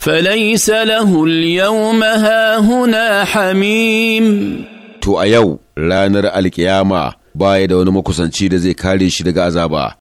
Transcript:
فليس له اليوم هاهنا حميم to a yau ranar alkiyama baya da wani makusanci da zai kare shi daga azaba